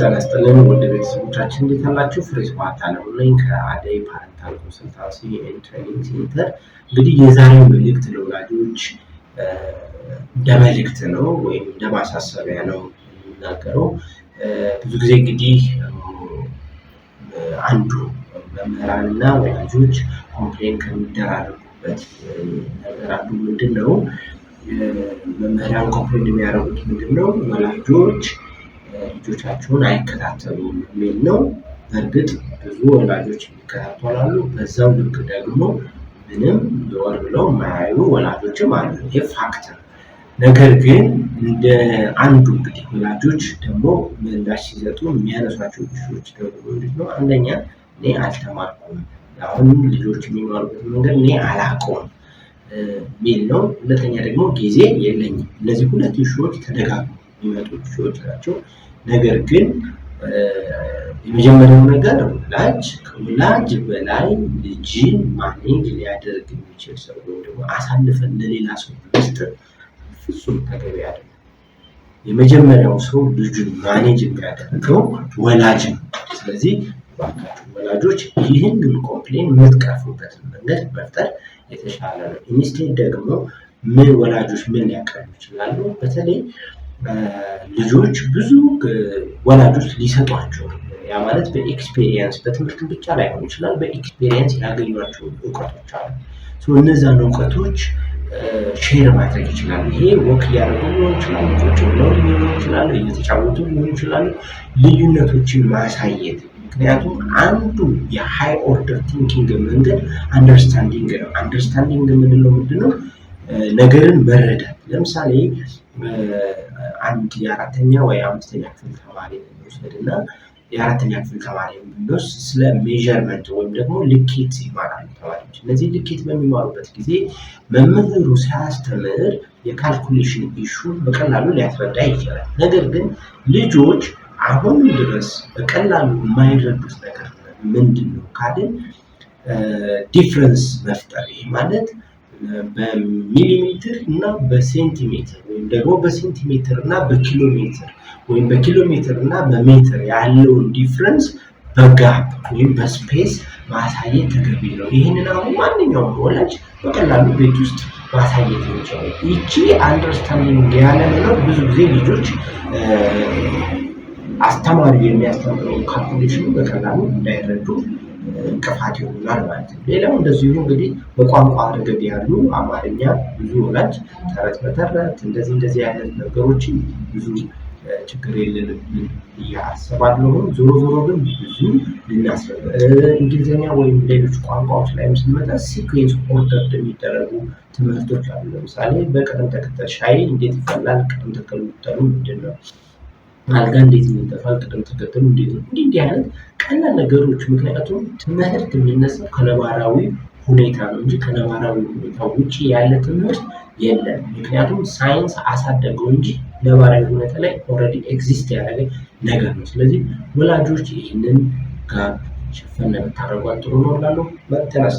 ጤና ይስጥልን ውድ ቤተሰቦቻችን እንዴት አላችሁ? ማታ ነው ነኝ ከአደይ ፓረንታል ኮንሰልታንሲ ኤንድ ትሬኒንግ ሴንተር። እንግዲህ የዛሬው መልእክት ለወላጆች እንደ መልእክት ነው ወይም እንደ ማሳሰቢያ ነው የሚናገረው። ብዙ ጊዜ እንግዲህ አንዱ መምህራን እና ወላጆች ኮምፕሌን ከሚደራረጉበት ነገር አንዱ ምንድን ነው መምህራን ኮምፕሌን የሚያደርጉት ምንድን ነው ወላጆች ልጆቻችሁን አይከታተሉም የሚል ነው። በእርግጥ ብዙ ወላጆች ይከታተላሉ። በዛው ልክ ደግሞ ምንም ዞር ብለው የማያዩ ወላጆችም አሉ። ይህ ፋክት ነው። ነገር ግን እንደ አንዱ እንግዲህ ወላጆች ደግሞ ምላሽ ሲሰጡ የሚያነሷቸው ጉዳዮች ደግሞ ነው? አንደኛ እኔ አልተማርኩም፣ አሁን ልጆች የሚማሩበት መንገድ እኔ አላውቀውም የሚል ነው። ሁለተኛ ደግሞ ጊዜ የለኝም። እነዚህ ሁለት ኢሹዎች ተደጋግሞ የሚመጡ ልጆች ናቸው። ነገር ግን የመጀመሪያው ነገር ወላጅ ከወላጅ በላይ ልጅን ማኔጅ ሊያደርግ የሚችል ሰው ወይም ደግሞ አሳልፈን ለሌላ ሰው መስጠት ፍጹም ተገቢ አይደለም። የመጀመሪያው ሰው ልጁን ማኔጅ የሚያደርገው ወላጅ ነው። ስለዚህ ባካችሁ ወላጆች ይህንን ኮምፕሌን የምትቀርፉበትን መንገድ መፍጠር የተሻለ ነው። ኢንስቴድ ደግሞ ምን ወላጆች ምን ሊያቀርቡ ይችላሉ በተለይ ልጆች ብዙ ወላጆች ሊሰጧቸው ያ ማለት በኤክስፔሪየንስ በትምህርት ብቻ ላይሆን ይችላል። በኤክስፔሪየንስ ያገኟቸው እውቀቶች አሉ። እነዛን እውቀቶች ሼር ማድረግ ይችላሉ። ይሄ ወክ እያደረጉ ሊሆን ይችላል፣ ቁጭ ነው ሊሆን ይችላል፣ እየተጫወቱ ሊሆን ይችላሉ። ልዩነቶችን ማሳየት ምክንያቱም አንዱ የሃይ ኦርደር ቲንኪንግ መንገድ አንደርስታንዲንግ ነው። አንደርስታንዲንግ የምንለው ምንድን ነው? ነገርን መረዳት ለምሳሌ አንድ የአራተኛ ወይ አምስተኛ ክፍል ተማሪ ውሰድና የአራተኛ ክፍል ተማሪ ብንወስድ ስለ ሜዠርመንት ወይም ደግሞ ልኬት ይማራሉ ተማሪዎች። እነዚህ ልኬት በሚማሩበት ጊዜ መምህሩ ሲያስተምር የካልኩሌሽን ኢሹ በቀላሉ ሊያስረዳ ይችላል። ነገር ግን ልጆች አሁን ድረስ በቀላሉ የማይረዱት ነገር ምንድን ነው ካልን ዲፍረንስ መፍጠር ይህ ማለት በሚሊሜትር እና በሴንቲሜትር ወይም ደግሞ በሴንቲሜትር እና በኪሎ ሜትር ወይም በኪሎ ሜትር እና በሜትር ያለውን ዲፍረንስ በጋፕ ወይም በስፔስ ማሳየት ተገቢ ነው። ይህንን አሁን ማንኛውም ወላጅ በቀላሉ ቤት ውስጥ ማሳየት ይችላል። ይቺ አንደርስታንዲንግ ያለ ብዙ ጊዜ ልጆች አስተማሪ የሚያስተምረው ካልኩሌሽኑ በቀላሉ እንዳይረዱ እንቅፋት ይሆናል ማለት ነው። ሌላው እንደዚሁ እንግዲህ በቋንቋ ረገድ ያሉ አማርኛ ብዙ ወላጅ ተረት በተረት እንደዚህ እንደዚህ አይነት ነገሮችን ብዙ ችግር የለንም እያሰባለሁ። ዞሮ ዞሮ ግን ብዙ ልናስብ እንግሊዝኛ ወይም ሌሎች ቋንቋዎች ላይም ስንመጣ ሲኩዌንስ ኦርደር የሚደረጉ ትምህርቶች አሉ። ለምሳሌ በቅደም ተከተል ሻይ እንዴት ይፈላል፣ ቅደም ተከተሉ ምንድን ነው? አልጋ እንዴት ይነጠፋል፣ ቅደም ተከተሉ እንዴት ነው፣ እንዲህ እንዲህ አይነት ቀላል ነገሮች። ምክንያቱም ትምህርት የሚነሳው ከነባራዊ ሁኔታ ነው እንጂ ከነባራዊ ሁኔታ ውጭ ያለ ትምህርት የለም። ምክንያቱም ሳይንስ አሳደገው እንጂ ነባራዊ ሁኔታ ላይ ኦልሬዲ ኤግዚስት ያደረገ ነገር ነው። ስለዚህ ወላጆች ይህንን ጋር ሸፈን ለምታደርጓት ጥሩ ነው እላለሁ። መተናስ